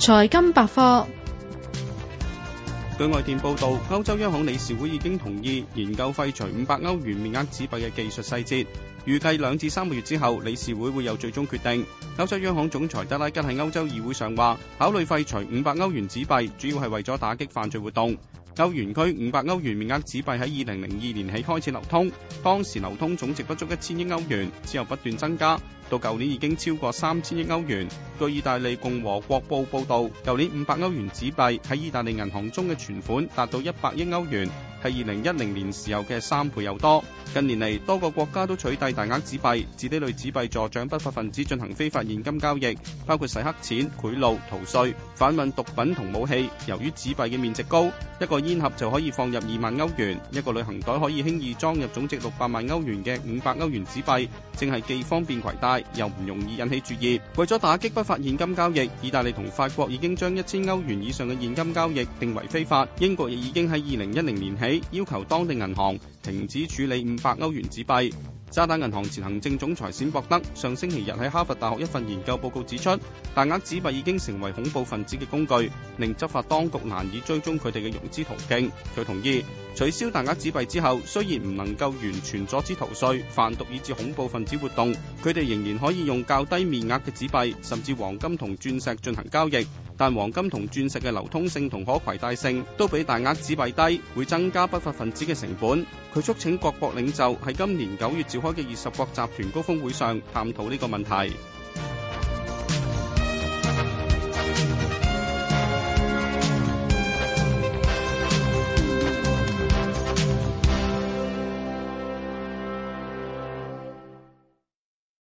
財金百科。據外電報道，歐洲央行理事會已經同意研究廢除五百歐元面額紙幣嘅技術細節，預計兩至三個月之後理事會會有最終決定。歐洲央行總裁德拉吉喺歐洲議會上話，考慮廢除五百歐元紙幣，主要係為咗打擊犯罪活動。歐元區五百歐元面額紙幣喺二零零二年起開始流通，當時流通總值不足一千億歐元，之後不斷增加。到舊年已經超過三千億歐元。據意大利共和國報報道，舊年五百歐元紙幣喺意大利銀行中嘅存款達到一百億歐元，係二零一零年時候嘅三倍又多。近年嚟多個國家都取締大額紙幣，指啲類紙幣助長不法分子進行非法現金交易，包括洗黑錢、賄賂、逃稅、販運毒品同武器。由於紙幣嘅面值高，一個煙盒就可以放入二萬歐元，一個旅行袋可以輕易裝入總值六百萬歐元嘅五百歐元紙幣，正係既方便攜帶。又唔容易引起注意。為咗打擊不法現金交易，意大利同法國已經將一千歐元以上嘅現金交易定為非法。英國亦已經喺二零一零年起要求當地銀行停止處理五百歐元紙幣。渣打銀行前行政總裁冼博德上星期日喺哈佛大學一份研究報告指出，大額紙幣已經成為恐怖分子嘅工具，令執法當局難以追蹤佢哋嘅融資途徑。佢同意取消大額紙幣之後，雖然唔能夠完全阻止逃稅、販毒以至恐怖分子活動，佢哋仍然可以用較低面額嘅紙幣，甚至黃金同鑽石進行交易。但黃金同鑽石嘅流通性同可攜帶性都比大額紙幣低，會增加不法分子嘅成本。佢促請各國領袖喺今年九月召開嘅二十國集團高峰會上，探討呢個問題。